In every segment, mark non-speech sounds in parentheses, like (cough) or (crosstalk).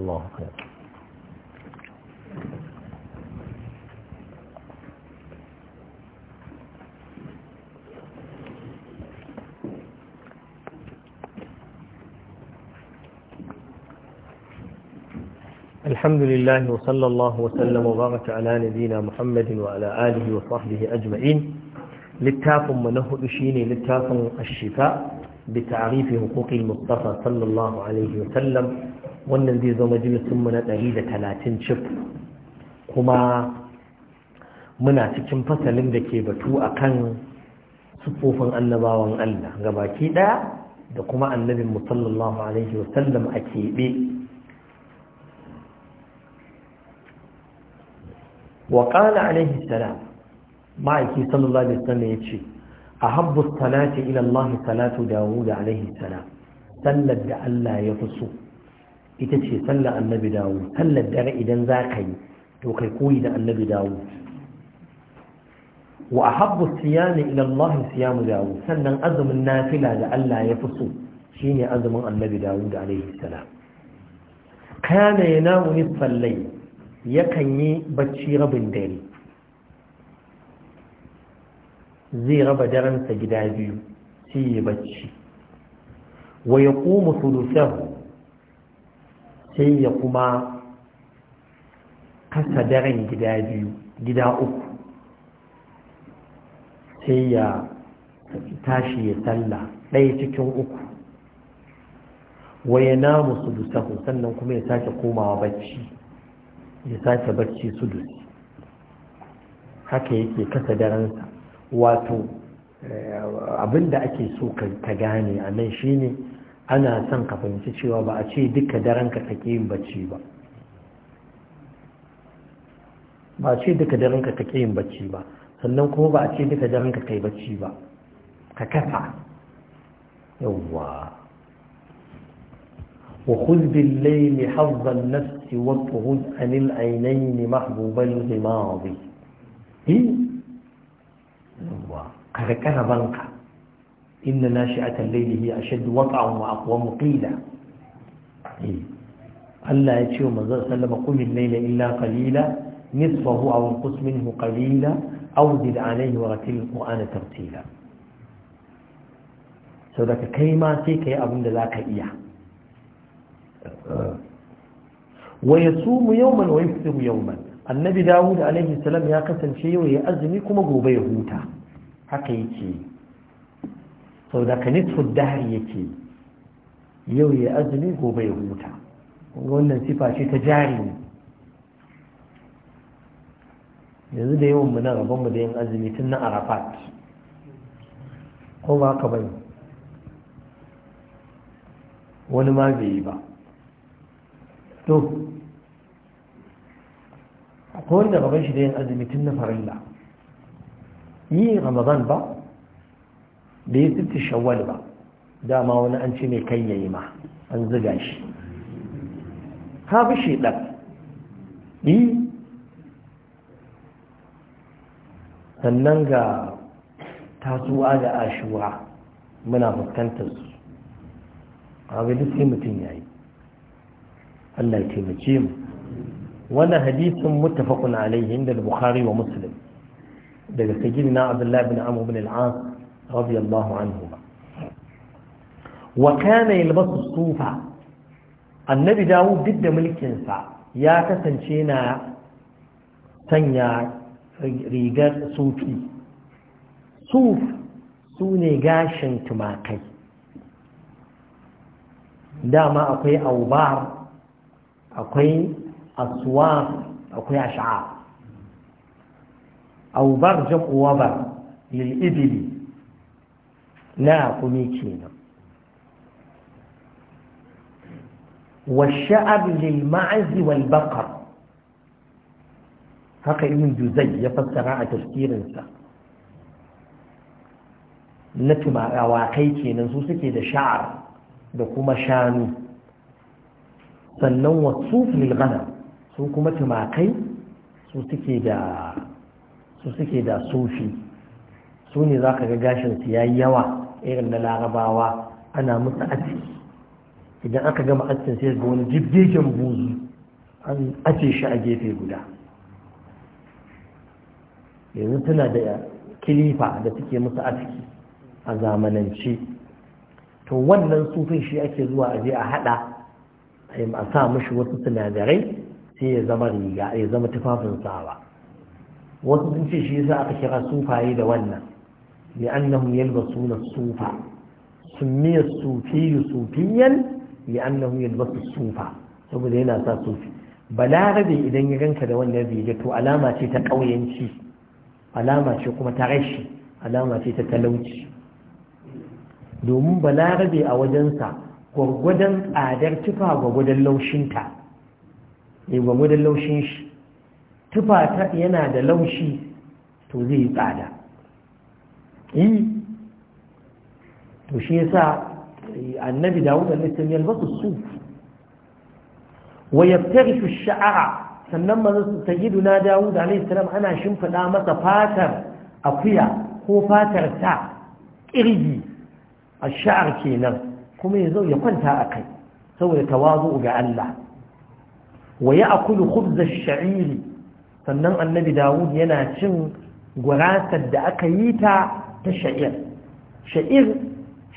الله خير الحمد لله وصلى الله وسلم وبارك على نبينا محمد وعلى آله وصحبه أجمعين للتاف منه اشين للتاف الشفاء بتعريف حقوق المصطفى صلى الله عليه وسلم wannan zai zo mu na ɗari da talatin cif kuma muna cikin fasalin da ke batu a kan siffofin annabawan Allah baki ɗaya da kuma annabin musallallahu alaihi wasallam a keɓe وقال عليه السلام معك صلى الله عليه وسلم يتشي أحب الصلاة إلى alaihi salam sallar da Allah ya fi so. ita ce sallar annabi dawo sallar dare idan za ka yi to kai koyi da annabi dawo wa ahabbu siyami ila Allah siyamu dawo sannan azumin nafila da Allah ya fi shine azumin annabi dawo da alaihi salam kana yanamu nisfal layl yakan yi bacci rabin dare zai raba daren sa gida biyu shi ya bacci wa yaqumu thuluthahu sai ya kuma kasa daren gida biyu gida uku sai ya tashi ya salla ɗaya cikin uku waya namu dusahu sannan kuma ya sake komawa bacci ya sake bacci sudusi haka yake kasa daransa wato eh, abinda ake so ka gane a nan shine ana son ka fahimci cewa ba a ce duka daren ka take yin bacci ba ba a ce duka daren ka take yin bacci ba sannan kuma ba a ce duka daren ka kai bacci ba ka kafa yawwa Wa wa بالليل an al aynayn mahbuban العينين محبوب yawwa ka كركن banka. inna nashi'atal layli hiya ashaddu waqa'an wa aqwamu qila Allah ya ce wa manzon sallama qumil layla illa qalila nisfahu aw inqus minhu qalila aw zid alayhi wa ratil qur'ana tartila sau daga kai ma sai ka yi abin da za ka iya wa ya sumu yauman wa yuftiru yauman annabi dawud alaihi salam ya kasance yau ya azumi kuma gobe ya huta haka yake sau da ka nisfu dahari yake yau ya azumi gobe ya huta wannan sifa ce ta jari yanzu da yawan mu na rabonmu da yin azumi tun na arafat ko ba ka bai wani ma bai yi ba to akwai wanda rabon shi da yin azumi tun na farilla yi ramadan ba da ya sitti shawwal ba dama wani an ce mai kai yayi ma an ziga shi ka ɗan yi sannan ga tasuwa da ashuwa muna fuskantar su a duk sai mutum ya yi allah ya taimake mu wannan hadisin muttafaqun alaihi inda bukhari wa muslim daga sayyidina abdullahi bin amr bin radiyallahu anhu wa sufa annabi dawud duk da mulkinsa ya kasance na sanya rigar sufi suf su ne gashin tumakai dama akwai aubar akwai aswaf akwai ash'ar aubar jam'u wabar na raƙumi kenan والشعب للمعز والبقر haka ibn zai ya fassara a tafsirinsa na awakai kenan su suke da sha'ar da kuma shanu sannan wasu filgana su kuma tumakai su suke da su suke da sufi su ne za ka ga gashinsu ya yi yawa irin na larabawa ana musu aski, idan aka gama askin sai ga wani jibgegen buzu an ace shi a gefe guda yanzu tana da kilifa da suke musu aski a zamanance to wannan sufin shi ake zuwa a je a hada a sa mashi wasu sinadarai sai ya zama riga ya zama tufafin sawa wasu sun ce shi yasa aka kira sufaye da wannan لأنهم يلبسون الصوف سمي الصوفي صوفيا لأنه يلبس الصوف saboda yana sa sufi balarabe idan ya ganka da wannan riga to alama ce ta ƙauyenci alama ce kuma ta rashi alama ce ta talauci domin balarabe a wajensa gwaggwadon tsadar tufa gwaggwadon laushinta ne gwaggwadon laushin shi tufa yana da laushi to zai yi tsada yi to shi sa eh, annabi dawud alaihi yalbasu su? wa yaftarishu sha'ara sannan manzo na dawud alaihi salam ana shimfida masa fatar akuya ko fatar ta kirgi a sha'ar kenan kuma yazo ya kwanta a kai saboda tawazu ga Allah wa ya'kulu khubz ash-sha'iri sannan annabi dawud yana cin gurasar da aka yi ta ta sha'ir sha'ir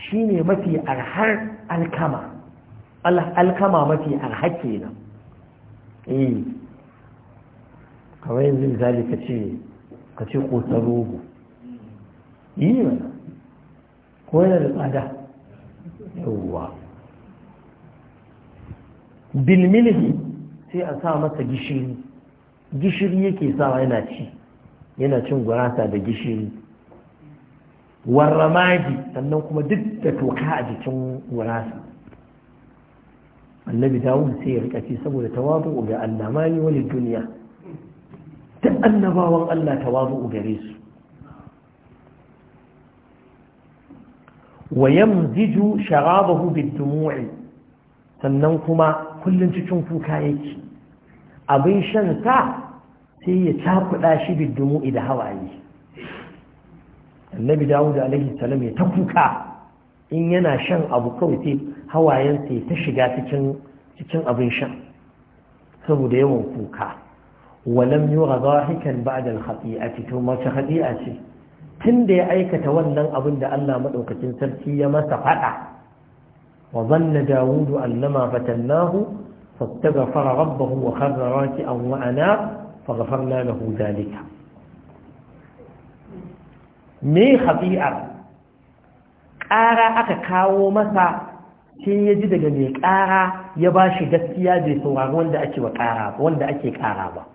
shine mafi arhar alkama alkama mafi arhar kenan eh kawai yanzu misali ka ce ka ce ƙotar rogo yi mana ko yana da tsada yawa bilmilhi sai a sa masa gishiri gishiri yake sawa yana ci yana cin gurasa da gishiri warramadi sannan kuma duk da toka a jikin wurasa annabi dawud sai ya rika ce saboda tawadu ga Allah mali wani duniya duk annabawan Allah tawadu gare su wa yamziju sharabahu bid-dumu'i sannan kuma kullun cikin kuka yake abin shan sa sai ya cakuɗa shi bid-dumu'i da hawaye annabi dawud alaihi salam ya ta kuka in yana shan abu kawai sai hawayen sai ta shiga cikin abin shan saboda yawan kuka walam yura zahikan ba'da al-khati'ati to mace khati'a ce tunda ya aikata wannan abin da Allah madaukakin sarki ya masa fada wa zanna dawud annama fatannahu fastaghfara rabbahu wa kharra raki'an wa ana faghfarna lahu dhalika me khati'ar ƙara aka kawo masa sai ya ji daga mai ƙara ya ba shi gaskiya bai saurari wanda ake wa ƙara wanda ake ƙara ba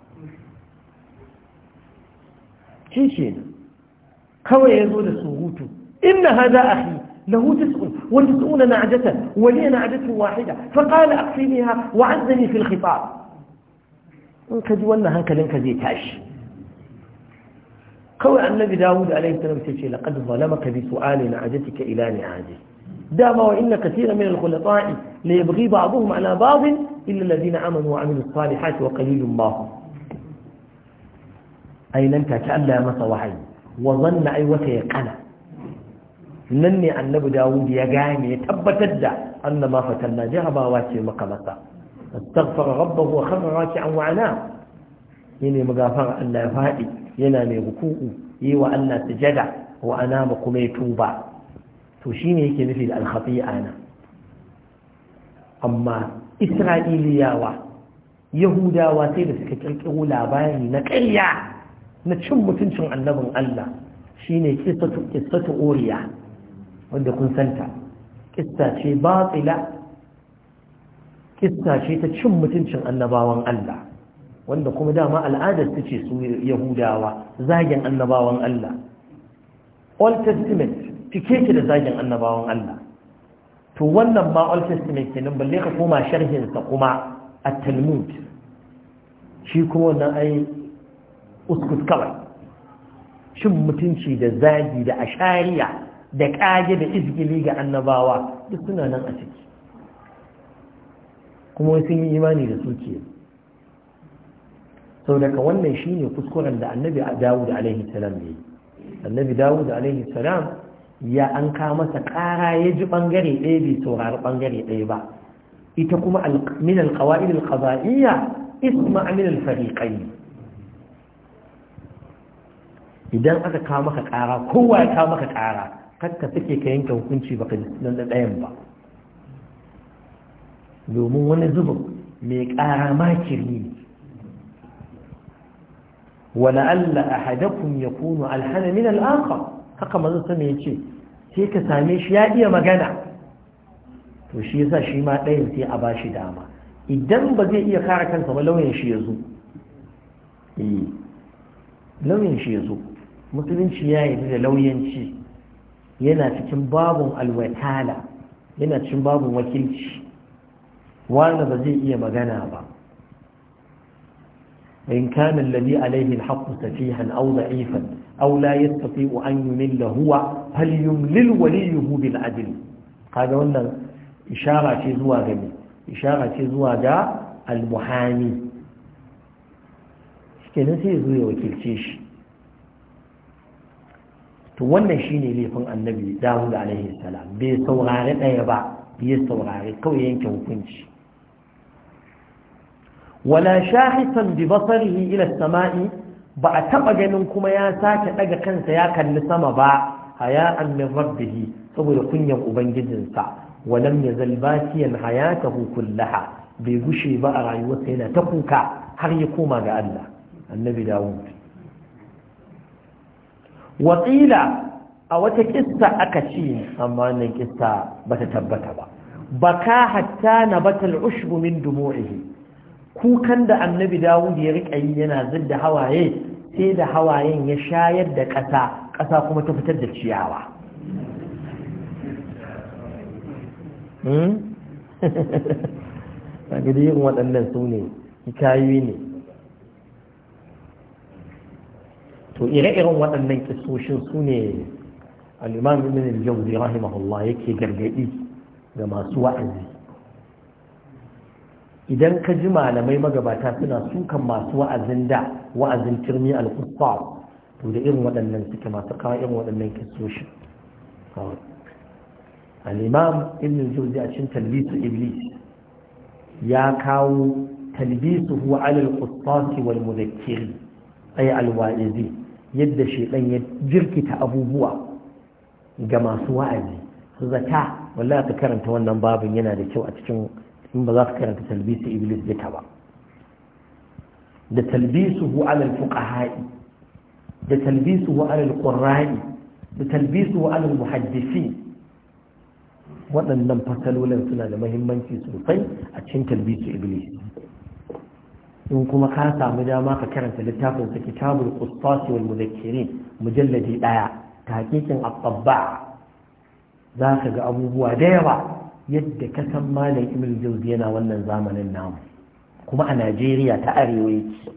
shi ce kawai ya zo da surutu inna hada akhi lahu tis'un wa tis'una na'jatan wa li na'jatun wahida fa qala aqfiniha wa 'azzani fi al-khitab in ka ji wannan hankalin ka zai tashi قوى عن نبي داود عليه السلام شيء لقد ظلمك بسؤال نعجتك إلى نعاجه دام وإن كثير من الخلطاء ليبغي بعضهم على بعض إلا الذين عملوا وعملوا الصالحات وقليل باهم أي لنك كألا مصوحي وظن أي وسيقنا نني عن نبي داود يقام يتبت الدع أن ما فتلنا جهبا واتي مقبطا استغفر ربه وخر راكعا وعناه إني يعني مقافر أن لا فائد yana mai ruku'u yi wa Allah sujada wa anama kuma ya tuba to shine yake nufi da al-khati'a na amma isra'iliyawa yahudawa sai da suka kirkiro labari na ƙarya na cin mutuncin annabin Allah shine qissatu qissatu uriya wanda kun santa qissa ce batila qissa ce ta cin mutuncin annabawan Allah wanda kuma dama al'adar ta ce su yahudawa zagin annabawan Allah old testament cike ki da zagin annabawan Allah to wannan ma old testament kenan balle ka koma sharhinsa kuma a talmud shi kuma wannan ai uskut kawai shin mutunci da zagi da ashariya da ƙage da izgili ga annabawa duk suna nan a ciki kuma sun yi imani da su ke sau daga wannan shine kuskuren da annabi dawud alaihi salam annabi dawud alaihi salam ya an ka masa kara ya ji bangare ɗaya bai saurari bangare ɗaya ba ita kuma min alqawaid alqada'iyya isma min alfariqayn idan aka ka maka kara kowa ya ka maka kara kakka suke ka yanke hukunci baka nan da ɗayan ba domin wani zubin mai ƙara makiri ne ولعل أحدكم ya ألحن من الآخر haka manzo sama ya ce sai ka same shi ya iya magana to shi yasa shi ma ɗayan sai a ba shi dama idan ba zai iya kare kansa ba lauyan shi ya zo eh, lauyan shi ya zo musulunci ya yi da lauyanci yana cikin babun alwatala yana cikin babun wakilci wanda ba zai iya magana ba in kana alladhi alayhi alhaqqu safihan aw da'ifan aw la yastati'u an yumilla huwa falyumlil waliyuhu bil adl kaga wannan ishara ce zuwa ga me ishara ce zuwa ga almuhani kenan sai zo ya wakilce shi to wannan shine laifin annabi Dawud alaihi salam bai saurari daya ba bai saurari kawai yanke hukunci wala shahisan bi basarihi ila samai ba a taba ganin kuma ya sake daga kansa ya kalli sama ba haya'an min rabbih saboda kunyan ubangijinsa walam yazal basiyan hayatahu kullaha bai gushe ba a rayuwarsa yana ta kuka har ya koma ga Allah annabi dawud wakila a wata kissa aka ce amma wannan kissa bata tabbata ba baka hatta nabatal ushbu min dumu'ihi kukan da annabi dawud ya riƙa yi yana da hawaye sai da hawayen ya shayar da ƙasa ƙasa kuma ta fitar da ciyawa a gida yin waɗannan su ne hikayoyi ne to ire-iren waɗannan kisoshin su ne al'imam ibn al-jawzi rahimahullah yake gargaɗi ga masu wa'azi idan ka ji malamai magabata suna sukan masu wa'azin da wa'azin turmi al-kuffar to da irin waɗannan suke masu kawo irin waɗannan kisoshi al-imam ibn a cikin talbisu iblis ya kawo talbisu huwa ala al wal mudhakkiri ay al-wa'izi yadda shedan ya jirkita abubuwa ga masu wa'azi zata wallahi ka karanta wannan babin yana da kyau a cikin in ba za ka karanta talbisu iblis duka ba da talbisuhu alal fuqaha'i da talbisuhu alal qurra'i da talbisuhu alal muhaddisi waɗannan fasalolin suna da mahimmanci sosai a cikin talbisu iblis in kuma ka samu dama ka karanta littafin sa kitabul qustasi wal mudhakkirin mujalladi daya tahqiqin at-tabba za ka ga abubuwa da yawa yadda ka san malam ibn jauzi yana wannan zamanin namu kuma a najeriya ta arewa yake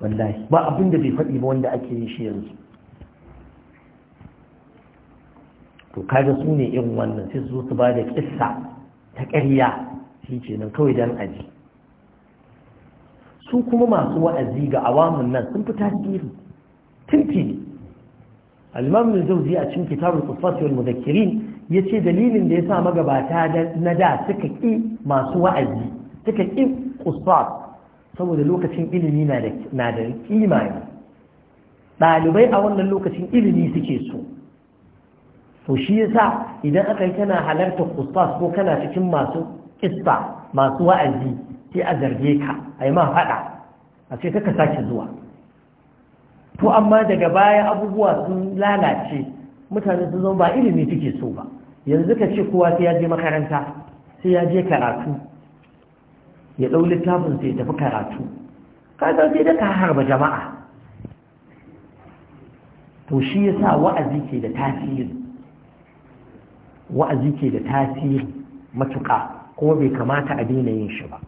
wallahi ba abin da bai faɗi ba wanda ake yin shi yanzu to kaga su ne irin wannan sai su su ba da kissa ta ƙarya shi ce nan kawai don aji su kuma masu wa'azi ga awamun nan sun fi tasiri tuntuni al-imam al a cikin kitabul quffat wal mudhakkirin ya ce dalilin da ya sa magabata na da suka ƙi masu wa'azi suka ƙi ƙusfaf saboda lokacin ilimi na da ƙima ɗalibai a wannan lokacin ilimi suke so to shi ya sa idan aka yi kana halartar ƙusfaf ko kana cikin masu ƙista masu wa'azi sai a zarge ka a yi ma faɗa a ce sake zuwa to amma daga baya abubuwa sun lalace mutane sun zama ba ilimi suke so ba yanzu ka ce kowa sai ya je makaranta sai ya je karatu ya ɗau littafin sai ya tafi karatu ka san sai da ka harba jama'a to shi yasa wa'azi ke da tasiri wa'azi ke da tasiri matuƙa kuma bai kamata a daina yin shi ba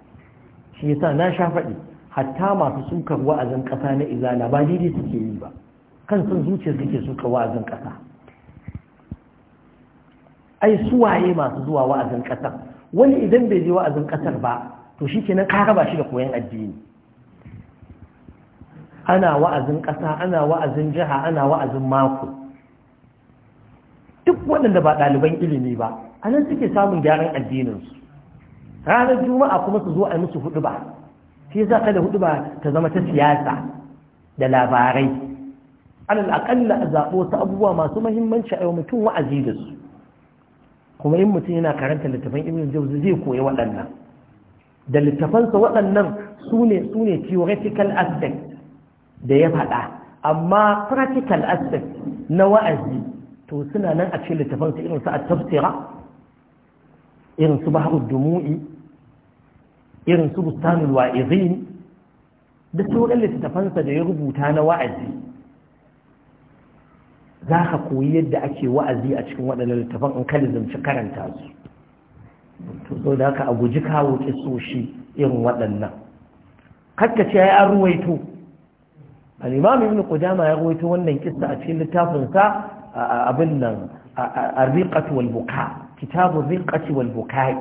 shi yasa na sha faɗi hatta masu sukar wa'azin ƙasa na izala ba daidai suke yi ba kan son zuciya suke suka wa'azin ƙasa ai suwaye masu zuwa wa'azin ƙasar wani idan bai je wa'azin ƙasar ba to shi kenan ka raba shi da koyon addini ana wa'azin ƙasa ana wa'azin jiha ana wa'azin mako duk waɗanda ba ɗaliban ilimi ba a nan suke samun gyaran addininsu ranar juma'a kuma su zo a musu hudu ba sai za ka da hudu ba ta zama ta siyasa da labarai alal aƙalla a zaɓo wasu abubuwa masu mahimmanci a yau mutum wa'azi da su kuma in mutum yana karanta littafan ibn jauzi zai koyi waɗannan da littafansa waɗannan su ne su ne theoretical aspect da ya faɗa amma practical aspect na wa'azi to suna nan a cikin su irin su a tafsira irin su bahrud dumu'i irin su bustanul wa'izin da sauran littafansa da ya rubuta na wa'azi za ka koyi yadda ake wa'azi a cikin waɗannan littafan in ka lizimci karanta su to so da a guji kawo kisoshi irin waɗannan kakka ce ya ruwaito al-imam ibn qudama ya ruwaito wannan kissa a cikin littafin sa abin nan ar-riqat wal buka kitabu riqat wal buka'i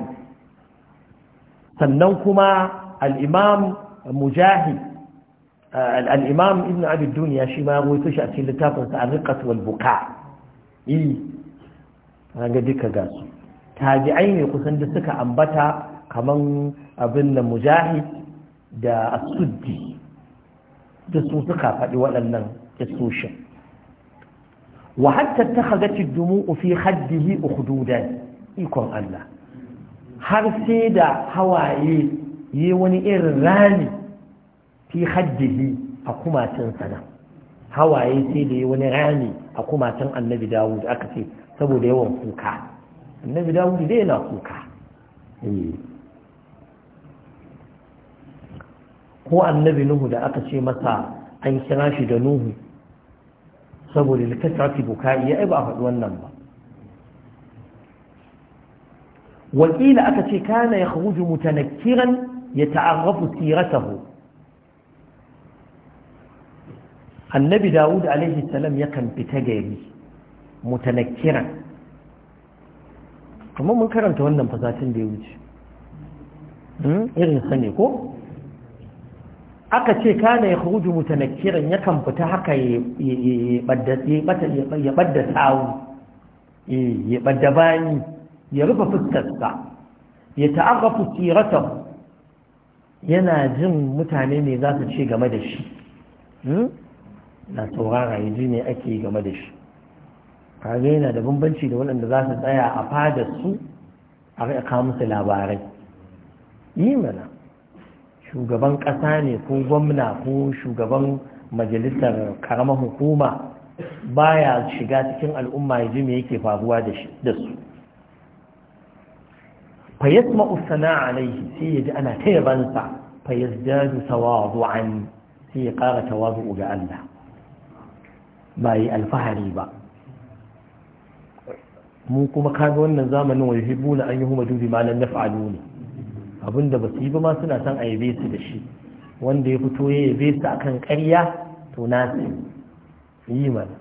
sannan kuma al-imam mujahid al'imam ibn Abidun ya shi ma ya goyi shi a cikin littafinsa a riƙas buka yi ga duka ga su tabi'ai ne kusan da suka ambata kaman abin da mujahid da asuddi da su suka faɗi waɗannan isoshin wa hatta ta hagaci dumu'u fi haddihi ukhdudan ikon Allah har sai da hawaye yi wani irin rani fi hajjihi a kumacin sana hawaye sai da wani rami a kumacin annabi dawud aka ce saboda yawan kuka annabi dawud dai na kuka eh. ko annabi nuhu da aka ce masa an kira shi da nuhu saboda likasarci bukai ya ba a faɗi wannan ba wakila aka ce kana ya khuju mutanakkiran ya ta'arrafu siratahu annabi dawud alaihi salam yakan fita gari mutanakkira kuma mun karanta wannan fasatin da ya wuce hmm? irin sani ko aka ce kana ya hudu mutanakkiran yakan fita haka ya ɓadda tsawo ya ɓadda eh, bani ya rufe fuskarsa ya ta'arrafu siratan yana jin mutane ne za su ce game da shi hmm? na saurara yanzu ji ne ake game da shi kaga yana da bambanci da waɗanda za su tsaya a fadar su a rika musu labarai yi mana shugaban ƙasa ne ko gwamna ko shugaban majalisar karamar hukuma baya shiga cikin al'umma ya ji me yake faruwa da su fa yasma'u a alaihi sai ya ji ana ta yabansa fa yazdadu tawadu'an sai ya ƙara tawazu ga Allah ba yi alfahari ba mu kuma kaga wannan zamanin wai hibu na an yi huma dubi ma lan naf'alu ne abinda ba su yi ba ma suna son a yabe su da shi wanda ya fito ya yabe su akan ƙarya to na su yi mana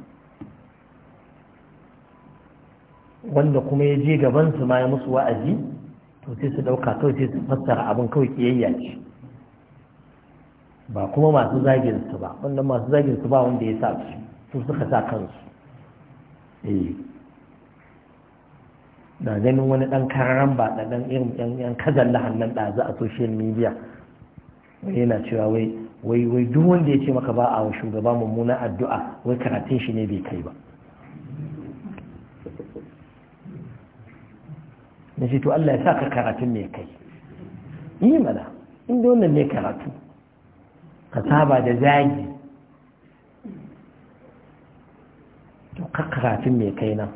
wanda kuma ya je gaban su ma ya musu wa'azi to sai su ɗauka kawai sai su fassara abin kawai kiyayya ce ba kuma masu zagin su ba wannan masu zagin su ba wanda ya sa su su suka sa kansu eh na ganin wani ɗan karan ba da dan irin yan kazan da za a social media yana cewa wai wai wai duk wanda ya ce maka ba a shugaba mummuna addu'a wai karatun shi ne bai kai ba na to Allah ya sa ka karatun mai kai yi mana inda wannan ne karatu ka saba da zagi to karatun mai kai nan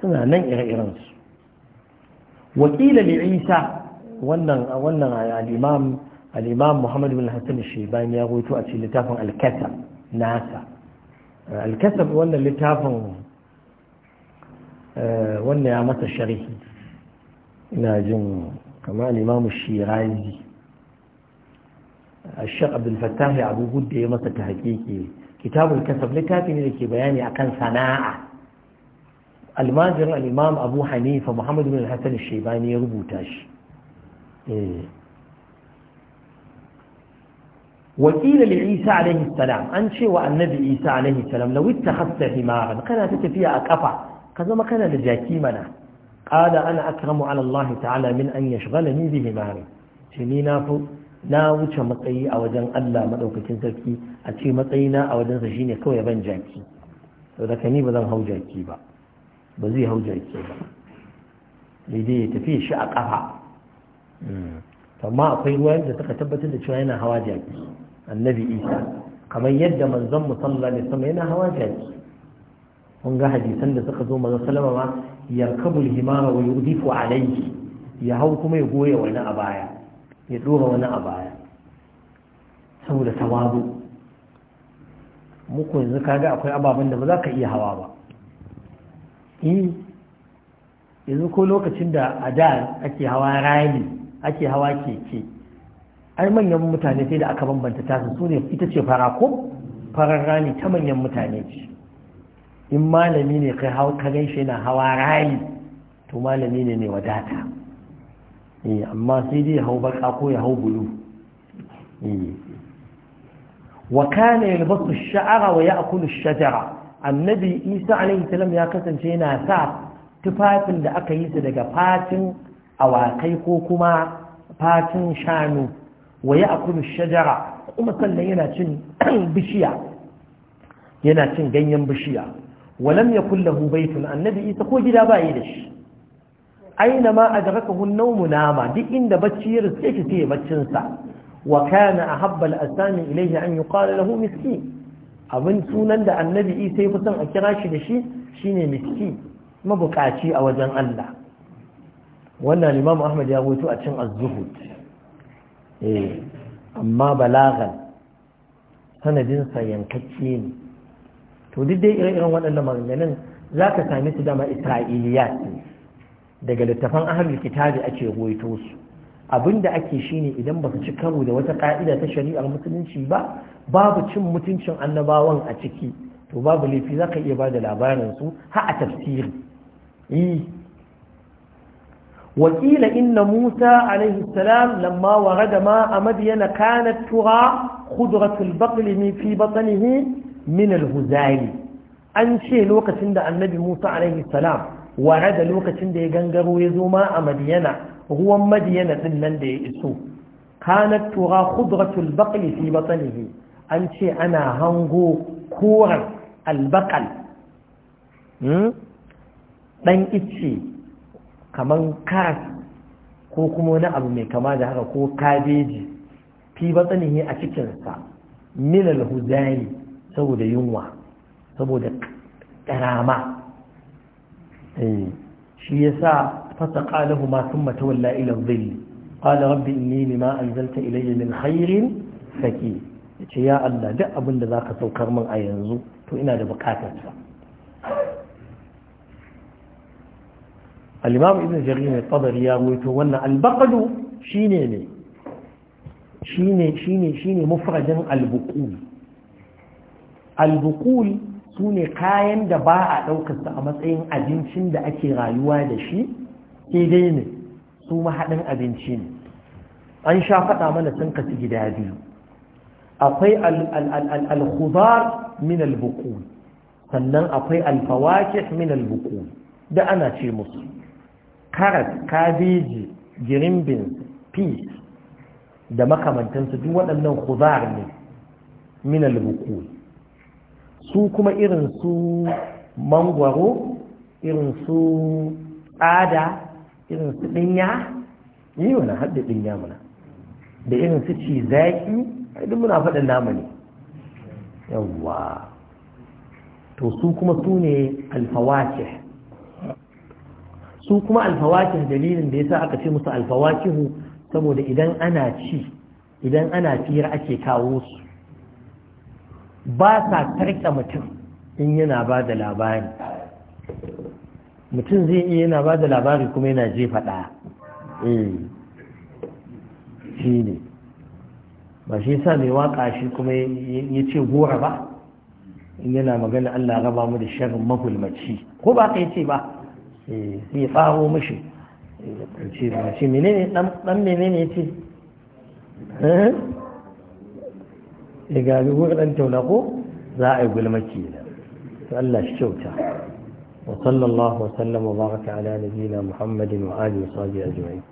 suna nan ire-irensu wakila li isa wannan wannan al muhammadu bin hassan muhammad bin ya rawaito a cikin littafin al nasa al wannan littafin eh, wannan ya masa sharhi ina jin kamar al-imam shirazi الشيخ عبد الفتاح ya masa ta تحقيقي kitabul kasab littafi ne da ke bayani akan sana'a almajirin al'imam abu hanifa muhammadu bin hassan shaibani ya rubuta shi eh. wakilin isa alaihi an ce wa annabi isa alaihi salam lawitta hasta himaran kana ta tafiya a kafa ka zama kana da jaki mana ƙada ana akramu ala Allah ta'ala min an yashghalani bi himari ce na wuce matsayi a wajen Allah maɗaukakin sarki a ce na a wajensa shine kawai ban jaki sau da kani ba zan hau jaki ba ba zai hau jaki ba daidai ya tafi shi a ƙafa hmm. amma akwai ruwa da suka tabbatar da cewa yana hawa jaki annabi isa kamar yadda manzon mu ne sama yana hawa jaki kun ga hadisan da suka zo maza salama ma yarkabul himara wa yudifu alayhi ya hau kuma ya goya wani a baya ya ɗora wani a baya saboda tawazu muku yanzu kaga akwai ababen da ba za ka iya hawa ba eh, yanzu ko lokacin da a da ake hawa rani ake hawa keke ai manyan mutane sai da aka bambanta tasu su ne ita ce fara ko farar rani ta manyan mutane ce in malami ne kai hau ka gan shi yana hawa rali to malami ne ne wadata Eh, amma sai dai hau baka ko ya hau bulu eh. wa kana yalbasu sha'ara wa ya'kulu shajara annabi isa alaihi salam ya kasance yana sa tufafin da aka yi su daga fatin awakai ko kuma fatin shanu wa ya'kulu shajara kuma sannan yana cin (clears throat) bishiya yana cin ganyen bishiya walam yakul lahu baytun annabi isa ko gida ba yi da shi aina ma adrakahu an-nawm nama duk inda bacci ya riske shi sai baccin sa wa kana ahabba al-asami ilayhi an yuqala lahu miskin abin sunan da annabi isa ya fi a kira shi da shi shine miski mabukaci a wajen Allah wannan imam ahmad ya hoto a cin az-zuhud eh amma balagan sanadin sa yankacce ne to duk dai irin waɗannan maganganun zaka same su dama isra'iliyat daga littafan ahlul kitabi ake goyito su abinda ake shine idan basu ci karo da wata ka'ida ta shari'ar musulunci ba babu cin mutuncin annabawan a ciki to babu laifi zaka iya bada labarin su ha a tafsiri eh. wakila inna musa alaihi salam lamma warada ma a madiyana kanat tura khudratul baqli fi batnihi min al-huzali an ce lokacin da annabi musa alaihi salam ware da lokacin da ya gangaro ya zo ma a madiyana ruwan madiyana din nan da ya iso kanat tura khudratul baqli fi batnihi an ce ana hango koran albaqal hmm? dan icce kaman karas ko kuma wani abu mai kama da haka ko kabeji fi batsanihi a cikinsa minal huzari saboda yunwa saboda karama shi yasa fasaqa lahu ma thumma tawalla ila dhill qala rabbi inni lima anzalta ilayya min khairin ya ce ya Allah duk abin da zaka saukar min a yanzu to ina da bukatar sa al-imam ibn jarir al-tabari ya to wannan al-baqdu shine ne shine shine shine mufradin al-buqul al su ne kayan da ba a ɗaukasta a matsayin abincin da ake rayuwa da shi sai dai ne su mahaɗin abinci ne an sha faɗa mana sun kasu gida biyu akwai alhuzar khudar min sannan akwai al minal min da ana ce musu karas kabeji girin beans peas da makamantansu duk waɗannan khudar ne min al su kuma irin su mangwaro irin su tsada irin su ɗinya yi wani haɗe ɗinya muna da irin su ci zaki duk muna faɗin nama ne yawwa to su kuma su ne alfawace su kuma alfawace dalilin da ya sa aka ce musu alfawakihu saboda idan ana ci idan ana fiye ake kawo su ba sa tarka mutum in yana ba da labari mutum zai iya yana ba da labari kuma yana jefa ɗaya eh shi ne ba shi sa mai waka shi kuma ya ce gora ba in yana magana Allah raba mu da shirin mahulmaci ko ba ka eh, eh, ce ba sai ya faro ya ce ne menene dan menene ya ce. Eh? ya gani wurin tauna ko za a yi gulma kenan to Allah shi kyauta wa sallallahu wa sallama baraka ala nabiyina Muhammadin wa alihi wa sahbihi ajma'in